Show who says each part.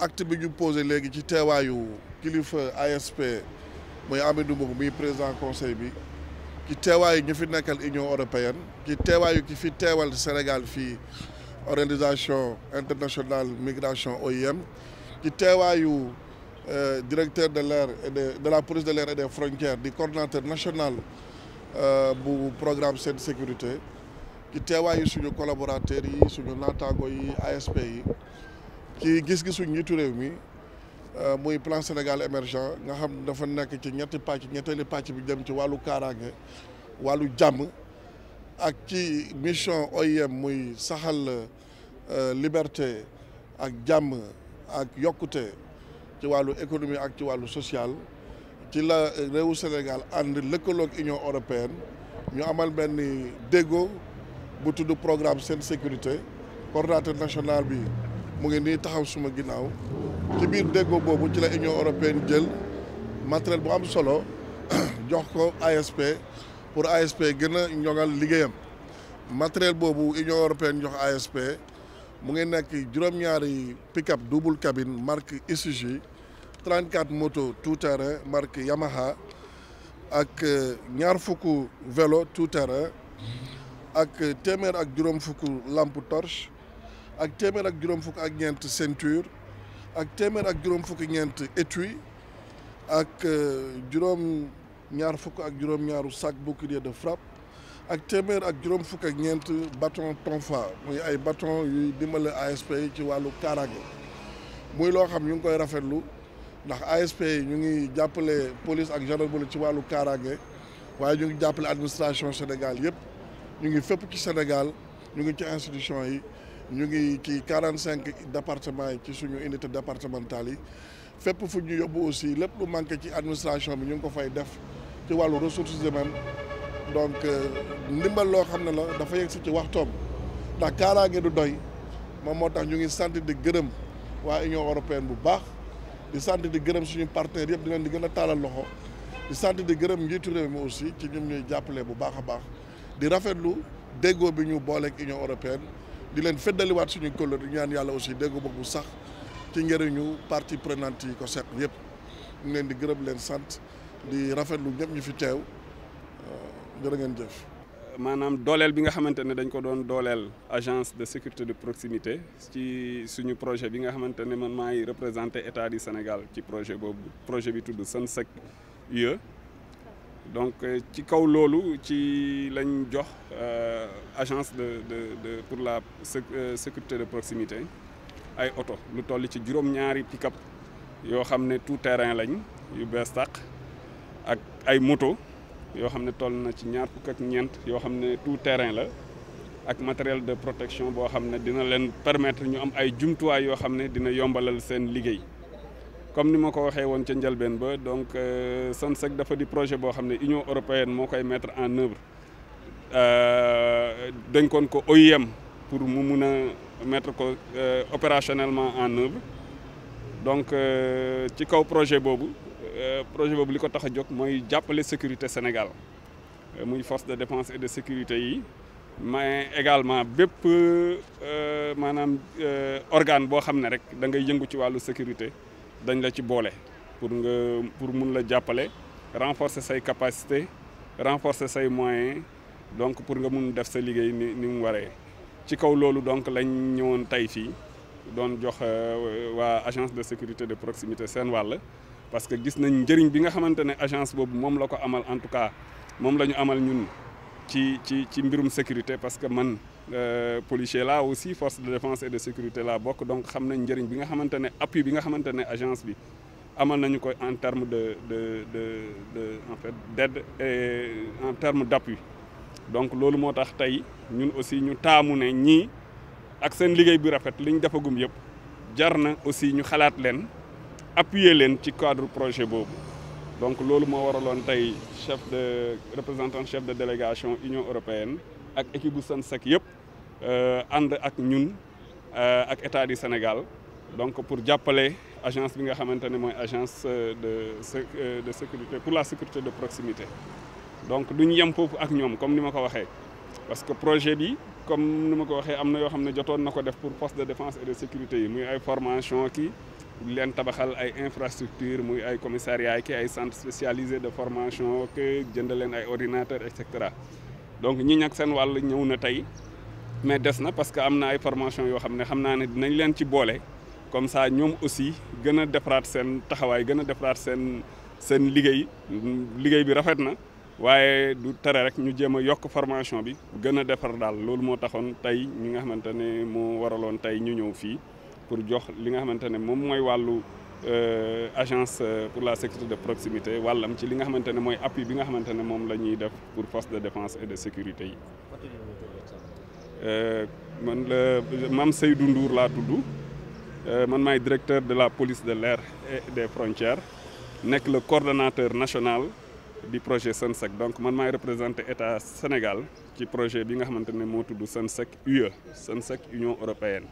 Speaker 1: acte bi ñu posé léegi ci teewaayu kilifa ASP muy Amidou Mbow muy président conseil bi ci teewaayu ñu fi nekkal Union européenne ci teewaayu ki fi teewal Sénégal fii organisation internationale migration OIM ci teewaayu euh, directeur de l'air et de de la police de l'air et des frontières di coordonnateur national euh, bu programme Sen Sécurité ci teewaayu suñu collaborateurs yi suñu naataango yi ASP yi ci gis-gisu njiitu réew mi euh, muy plan Sénégal émergent nga xam dafa nekk ci ñetti pàcc ñetteeli pàcc bi dem ci wàllu kaaraange wàllu jàmm ak ci mission OIM muy saxal euh, liberté ak jàmm ak yokkute ci wàllu économie ak ci wàllu social ci la réewu Sénégal ànd lëkkaloog Union européenne ñu amal benn déggoo bu tudd programme seen sécurité coordonnateur national bi mu ngi nii taxaw suma ginnaaw ci biir déggoo boobu ci la Union européenne jël matériel bu am solo jox ko ASP pour ASP gën a ñoŋal liggéeyam matériel boobu Union européenne jox ASP mu ngi nekk juróom-ñaari pick-up double cabine marque Isuzu moto tout-terrain marque Yamaha ak euh, ñaar fukk vélo tout-terrain ak téeméer ak juróom fukk lampe torche ak téeméer ak juróom fukk ak ñeent ceinture ak téeméer ak juróom fukk ñeent étui ak euh, juróom ñaar fukk ak juróom ñaaru sac bouclier de frappe ak téeméer ak juróom fukk ak ñeent bâton tonfa muy ay bâton yuy dimbale ASP yi ci wàllu kaaraange muy loo xam ñu ngi koy rafetlu ndax ASP yi ñu ngi jàppale police ak gendarmerie ci wàllu kaaraange waaye ñu ngi jàppale administration Sénégal yëpp ñu ngi fépp ci Sénégal ñu ngi ci institution yi ñu ngi ci quarante cinq départements yi ci suñu unité départementale yi fépp fu ñu yóbbu aussi lépp lu manqué ci administration bi ñu ngi ko fay def ci wàllu ressources humaines donc euh, ndimbal loo xam ne la dafa yegg si ci waxtoom ndax kaaraange du doy moom moo tax ñu ngi sant di gërëm waa Union européenne bu baax di sant di gërëm suñu partenaires yëpp di leen di gën a taalal loxo di sant di gërëm njiitu réew mi aussi ci ñoom ñuy jàppale bu baax a baax di rafetlu déggoo bi ñu booleeg Union européenne di leen feddaliwaat suñu kóllëre du ñaan yàlla aussi dégg bu sax ci njëriñu partie prenante yi ko seq yëpp ñu di gërëb leen sant di rafetlu ñëpp ñu fi teew euh, jërë ngeen jëf.
Speaker 2: maanaam dooleel bi nga xamante ne dañ ko doon dooleel agence de sécurité de proximité ci suñu projet bi nga xamante ne man maay représenté état di Sénégal ci projet boobu projet bi tudd Sensec UE donc euh, ci kaw loolu ci lañ jox euh, agence de de de pour la euh, sécurité de proximité ay oto lu toll ci juróom-ñaari pick-up yoo xam ne tout terrain lañ yu bees tàq ak ay moto yoo xam ne toll na ci ñaar fukk ak ñeent yoo xam ne tout terrain la ak matériel de protection boo xam ne dina leen permettre ñu am ay jumtuwaay yoo xam ne dina yombalal seen liggéey. comme ni ma ko waxee woon ca njalbeen ba donc euh, Sonsec dafa di projet boo xam ne Union européenne moo koy mettre en œuvre euh, dañ koon ko OIM pour mu mun a mettre ko euh, opérationnellement en œuvre donc ci kaw projet boobu projet boobu li ko tax a jóg mooy jàppale sécurité Sénégal muy force de défense et de sécurité yi mais également bépp maanaam organe boo xam ne rek da ngay yëngu ci wàllu sécurité dañ la ci boole pour nga pour mun la jàppale renforcer say capacité renforcer say moyens donc pour nga mun def sa liggéey ni ni mu waree ci kaw loolu donc lañ ñëwoon tey fii doon jox euh, waa agence de sécurité de proximité seen wàll parce que gis nañ njëriñ bi nga xamante ne agence boobu moom la ko amal en tout cas moom la ñu amal ñun ci ci ci mbirum sécurité parce que man Euh, policier la aussi force de défense et de sécurité la bokk donc xam nañ njëriñ bi nga xamante ne appui bi nga xamante ne agence bi amal nañu ko en terme de de de en fait d'aide et en terme d'appui donc loolu moo tax tey ñun aussi ñu taamu ne ñii ak seen liggéey bi rafet li ñu defagum yëpp jar na aussi ñu xalaat leen appuyer leen ci cadre projet boobu donc loolu moo waraloon tey chef de représentant chef de délégation Union européenne ak équipe bu Sensec yëpp Euh, ànd ak ñun euh, ak état du Sénégal donc pour jàppale agence bi nga xamante ne mooy agence euh, de de sécurité pour la sécurité de proximité donc duñ yem foofu ak ñoom comme ni ma ko waxee parce que projet bi comme ni ma ko waxee am na yoo xam ne jotoon na ko def pour poste de défense et de sécurité yi muy ay formation kii leen tabaxal ay infrastructure muy ay commissariat ki ay centre spécialisé de formation ki jënd leen ay ordinateur et cetera donc ñi ñag seen wàll ñëw na tey mais des na parce que am na ay formation yoo xam ne xam naa ne dinañ leen ci boole comme ça ñoom aussi gën a defaraat seen taxawaay gën a defaraat seen seen liggéey liggéey bi rafet na waaye du tere rek ñu jéem a yokk formation bi gën a defar daal loolu moo taxoon tey ñi nga xamante ne moo waraloon tey ñu ñëw fii pour jox li nga xamante ne moom mooy wàllu euh, agence euh, pour la sécurité de proximité wàllam ci li nga xamante ne mooy appui bi nga xamante ne moom la ñuy def pour force de défense et de sécurité yi Euh, man la Mame Seydou Ndour laa tudd euh, man maay directeur de la police de l'air et des frontières nekk la coordonnateur nationale du projet sec donc man maay représenté état Sénégal ci projet bi nga xamante ne moo tudd Sensec UE sec Union européenne.